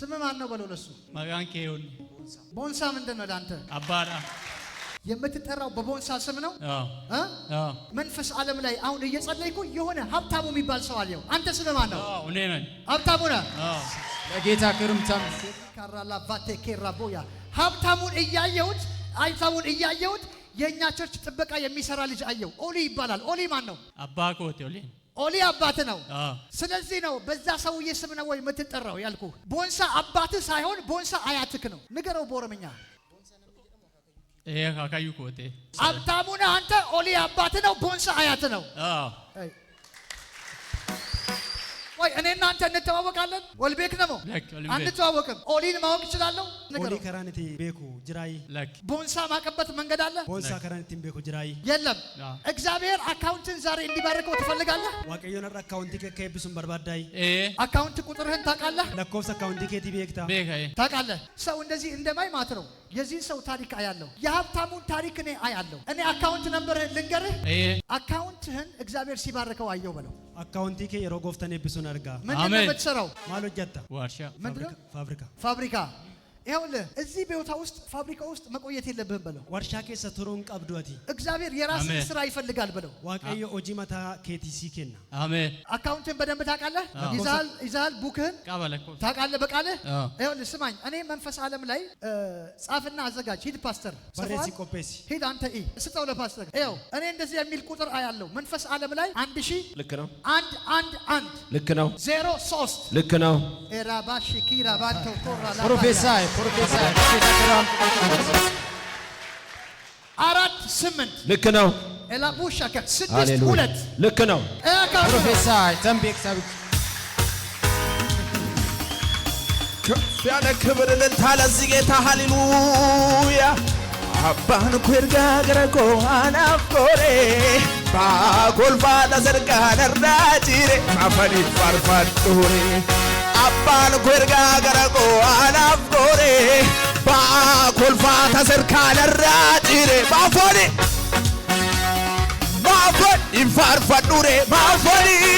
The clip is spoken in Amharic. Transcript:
ስም ማን ነው? በለው ለሱ ማጋንኬ ይሁን። ቦንሳ ምንድን ነው ለአንተ? አባራ የምትጠራው በቦንሳ ስም ነው። መንፈስ ዓለም ላይ አሁን እየጸለይኩ የሆነ ሀብታሙ የሚባል ሰው አለው። አንተ ስም ማን ነው? እኔ ነኝ ሀብታሙ ነህ። ለጌታ ክርምታም ካራላ ቫቴ ኬራ ቦያ ሀብታሙን እያየሁት ሀብታሙን እያየሁት የእኛ ቸርች ጥበቃ የሚሰራ ልጅ አየው። ኦሊ ይባላል። ኦሊ ማን ነው? አባኮቴ ኦሊ ኦሊ አባት ነው። ስለዚህ ነው በዛ ሰውዬ ስም ነው ወይ የምትጠራው ያልኩ። ቦንሳ አባት ሳይሆን ቦንሳ አያትክ ነው። ንገረው በኦሮምኛ ይሄ አብታሙና አንተ ኦሊ አባት ነው፣ ቦንሳ አያት ነው። ላይ እኔ እናንተ እንተዋወቃለን? ወልቤክ ነው አንተዋወቅም? ኦሊን ማወቅ እችላለሁ። ኦሊ ከራንቲ ቤኩ ጅራይ ቦንሳ ማቀበት መንገድ አለ። ቦንሳ ከራንቲ ቤኩ ጅራይ የለም። እግዚአብሔር አካውንትን ዛሬ እንዲባርከው ትፈልጋለህ? ዋቀዮን አካውንቲ ከከይብሱን በርባዳይ አካውንት ቁጥርህን ታውቃለህ። ለኮስ አካውንት ከቲ ቤክታ ታውቃለህ። ሰው እንደዚህ እንደማይ ማትረው የዚህን ሰው ታሪክ አያለሁ። የሀብታሙን ታሪክ እኔ አያለሁ። እኔ አካውንት ነበር ልንገርህ። አካውንትህን እግዚአብሔር ሲባርከው አየው በለው። አካውንቲ ከ የሮጎፍተኔ ብሱን አርጋ ምንድን ነው የምትሰራው? ማሎጀታ ዋርሻ ፋብሪካ ፋብሪካ ይኸውልህ እዚህ ቦታ ውስጥ ፋብሪካ ውስጥ መቆየት የለብህም በለው። ዋርሻ ኬሰ ቱሩን ቀብዶቲ እግዚአብሔር የራስን ስራ ይፈልጋል በለው። ዋቀየ ኦጂመታ ኬቲሲ ኬና አሜን። አካውንትን በደንብ ታውቃለህ፣ ይዛል ቡክህን ታውቃለህ። በቃልህ ይኸውልህ፣ ስማኝ፣ እኔ መንፈስ አለም ላይ ጻፍና አዘጋጅ። ሂድ ፓስተር በሬሲ ቆፔሲ ሂድ አንተ ስጠው ለፓስተር። ይኸው እኔ እንደዚህ የሚል ቁጥር አያለው መንፈስ ዓለም ላይ አንድ ሺህ ልክ ነው። አንድ አንድ አንድ ልክ ነው። ዜሮ ሶስት ልክ ነው። ኤራባ ሽኪ ራባ ፕሮፌሳይ አራት ስምንት ልክ ነው። ላቡሻከል ስድስት ሁለት ልክ ነው። ፕሮፌሰር ዘንቤ ከፍ ያለ ክብር እልልታ ለዚህ ጌታ ሃሌሉያ አባን ኩርጋ ገረጎ አናፎሬ ባጎልባ ተዘርጋ ነራጅሬ አፈኒ አባን ጎርጋ ገረቆ አናፍቆሬ ባኮልፋ ተሰርካ ለራጭሬ ማፎኒ ማፎን ይንፋርፋዱሬ ማፎኒ